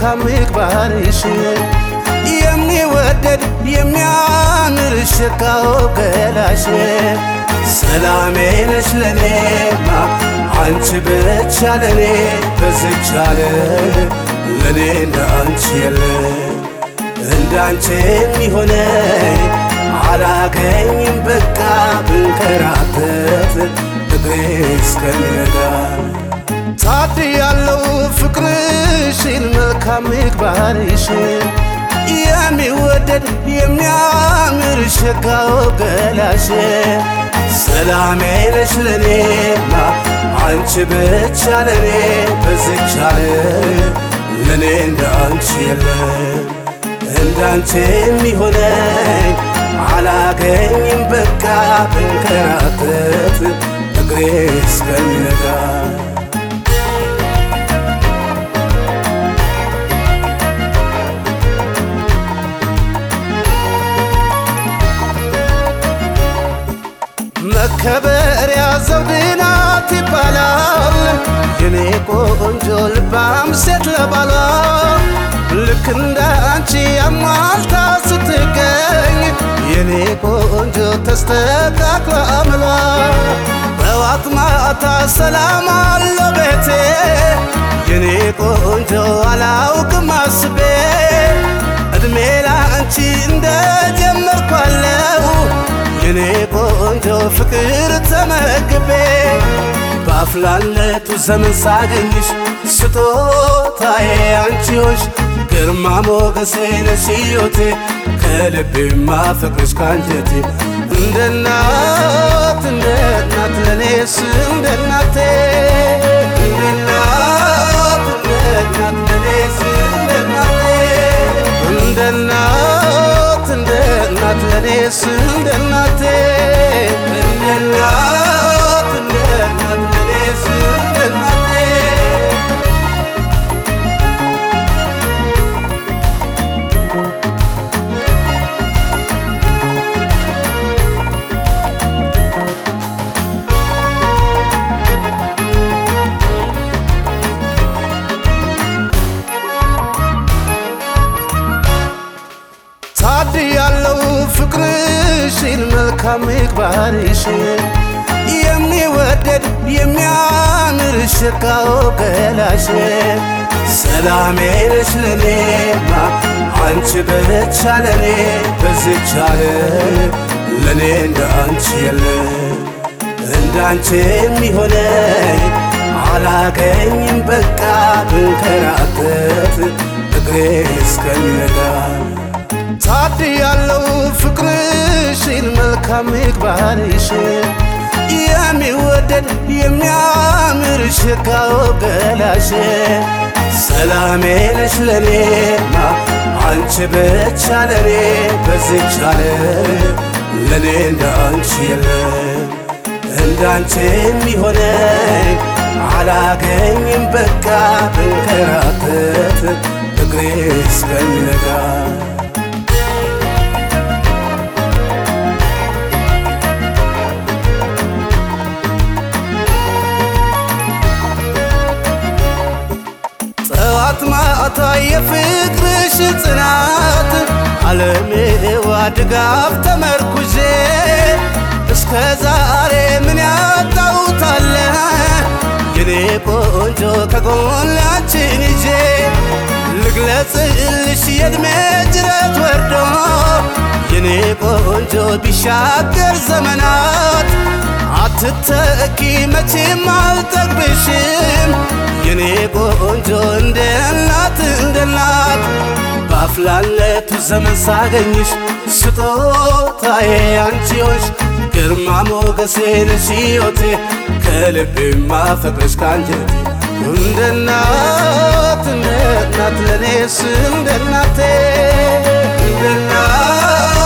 መልካም ምግባርሽ የሚወደድ የሚያምር ሽታው ገላሽ ሰላሜ ነሽ ለኔማ አንቺ ብቻ ለኔ በዝች ለኔ እንዳንቺ የለ እንዳንቺ የሚሆነኝ አላገኝም በቃ ብንከራተት እግሬ እስከሚነጋ ታድ ያለው ፍቅርሽን መልካም ምግባርሽን የሚወደድ የሚያምር ሸጋው ገላሽ ሰላሜ ነሽ ለኔማ አንቺ ብቻ ለኔ በዝቻ ለኔ እንዳንቺ የለ እንዳንቺ የሚሆነኝ አላገኝም በቃ ብንከራተት እግሬ እስከሚነጋ ከበር ያዘው ድናት ይባላል የኔ ቆንጆ ልባም ሴት ለባሏ ልክ እንደ አንቺ አሟልታ ስትገኝ የኔ ቆንጆ ተስተካክላ አምሏ ጠዋት ማታ ሰላም አለ ቤቴ የኔ ቆንጆ አላውቅም አስቤ እድሜ ላንቺ እንደ ፍቅር ተመግቤ በአፍላለቱ ዘመን ሳገኝሽ ስጦታዬ አንቺዎች ግርማ ሞገሴ ነሽ ሕይወቴ ከልቤ ማፈቅርሽ ካንጀቴ እንደ እናት እንደ እናት ለኔስ እንደ እናቴ እንደ እናት እንደ እናት ለኔስ እንደ እናቴ እንደ እናት እንደ እናት ለኔስ እንደ እናቴ መልካም ምግባርሽ የሚወደድ የሚያምር ሽካው ገላሽ ሰላሜ ነሽ ለኔማ አንቺ ብቻ ለኔ በዝቻ ለኔ እንደ አንቺ የለ እንዳንቺ የሚሆነኝ አላገኝም በቃ ብንከራተት እግሬ እስከሚነጋ ታድያለው ፍቅርሽን መልካም ምግባርሽ የሚወደድ የሚያምር ሽካው ገላሽ ሰላሜ ነሽ ለኔማ አንቺ ብቻ ለኔ በዚች ዓለም ለኔ እንዳንቺ የለ እንዳንቺ የሚሆነኝ አላገኝም በቃ ብንከራተት እግሬ እስከሚነጋ ጠዋት ማታ የፍቅርሽን ጽናት አለሜዋ ድጋፍ ተመርኩዤ እስከ ዛሬ ምን ያጣውታለ የኔ ቆንጆ ከጎን ከጽልሽ የእድሜ ጅረት ወርዶ የኔ ቆንጆ ቢሻገር ዘመናት አትተኪ መቼም አልጠግብሽም የኔ ቆንጆ እንደ እናት እንደ እናት ባፍላለቱ ዘመን ሳገኝሽ ስጦታዬ አንቺዎች ግርማ ሞገሴ ነሽ ሕይወቴ ከልቤ ማፈቅረሽ ካንጀቴ እንደ እናት እንደ እናት ለኔስ እንደ እናቴ እንደ እናት